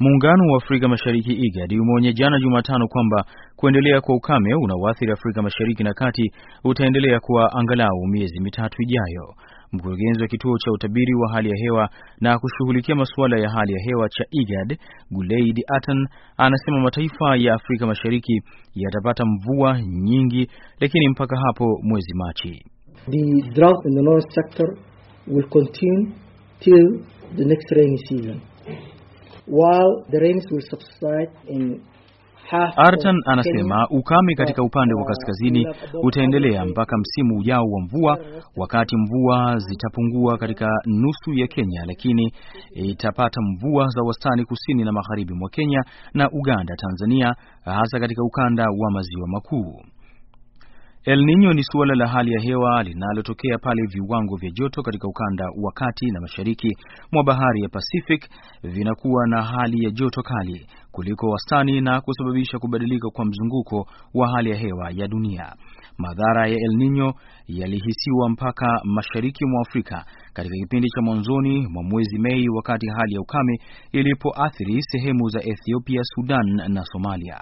Muungano wa Afrika Mashariki IGAD umeonya jana Jumatano kwamba kuendelea kwa ukame unaoathiri Afrika Mashariki na Kati utaendelea kwa angalau miezi mitatu ijayo. Mkurugenzi wa kituo cha utabiri wa hali ya hewa na kushughulikia masuala ya hali ya hewa cha IGAD, Guleid Atan, anasema mataifa ya Afrika Mashariki yatapata mvua nyingi, lakini mpaka hapo mwezi Machi. The drought in the north sector will continue till the next rainy season. While the rains will subside in Artan anasema ukame katika upande wa uh, kaskazini utaendelea mpaka msimu ujao wa mvua, wakati mvua zitapungua katika nusu ya Kenya, lakini itapata mvua za wastani kusini na magharibi mwa Kenya na Uganda, Tanzania, hasa katika ukanda wa maziwa makuu. El Nino ni suala la hali ya hewa linalotokea pale viwango vya joto katika ukanda wa kati na mashariki mwa bahari ya Pacific vinakuwa na hali ya joto kali kuliko wastani na kusababisha kubadilika kwa mzunguko wa hali ya hewa ya dunia. Madhara ya El Nino yalihisiwa mpaka mashariki mwa Afrika katika kipindi cha mwanzoni mwa mwezi Mei, wakati hali ya ukame ilipoathiri sehemu za Ethiopia, Sudan na Somalia.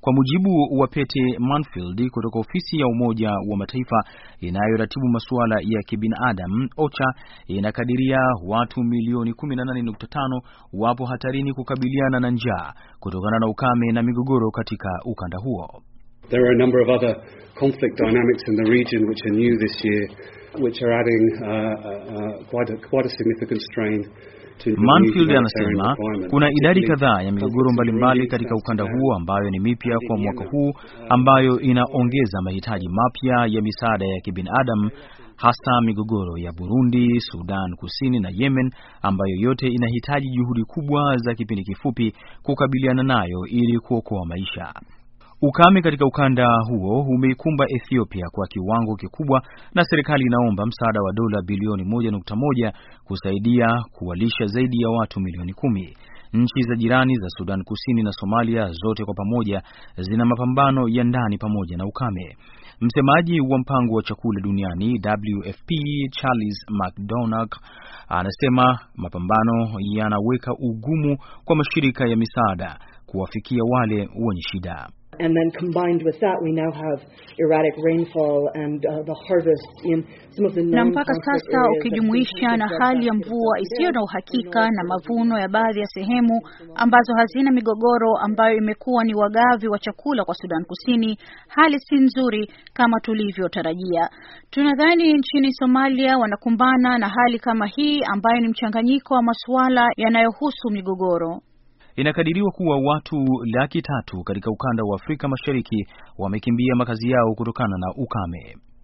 Kwa mujibu wa Pete Manfield kutoka ofisi ya Umoja wa Mataifa inayoratibu masuala ya kibinadamu, OCHA inakadiria watu milioni 18.5 wapo hatarini kukabiliana na njaa kutokana na ukame na migogoro katika ukanda huo. There are a number of other conflict dynamics in the region which are new this year, which are adding uh, uh, uh quite, a, quite a significant strain Manfield anasema kuna idadi kadhaa ya migogoro mbalimbali katika ukanda huu ambayo ni mipya kwa mwaka huu ambayo inaongeza mahitaji mapya ya misaada ya kibinadamu hasa migogoro ya Burundi, Sudan Kusini na Yemen ambayo yote inahitaji juhudi kubwa za kipindi kifupi kukabiliana nayo ili kuokoa maisha. Ukame katika ukanda huo umeikumba Ethiopia kwa kiwango kikubwa, na serikali inaomba msaada wa dola bilioni 1.1 kusaidia kuwalisha zaidi ya watu milioni kumi. Nchi za jirani za Sudan Kusini na Somalia zote kwa pamoja zina mapambano ya ndani pamoja na ukame. Msemaji wa mpango wa chakula duniani WFP Charles McDonagh anasema mapambano yanaweka ugumu kwa mashirika ya misaada kuwafikia wale wenye shida. And then combined with that, we now have erratic rainfall and uh, the harvest in some of the na mpaka sasa ukijumuisha na hali ya mvua isiyo na uhakika na mavuno ya baadhi ya sehemu ambazo hazina migogoro ambayo imekuwa ni wagavi wa chakula kwa Sudan Kusini, hali si nzuri kama tulivyotarajia. Tunadhani nchini Somalia wanakumbana na hali kama hii ambayo ni mchanganyiko wa masuala yanayohusu migogoro. Inakadiriwa kuwa watu laki tatu katika ukanda wa Afrika Mashariki wamekimbia makazi yao kutokana na ukame.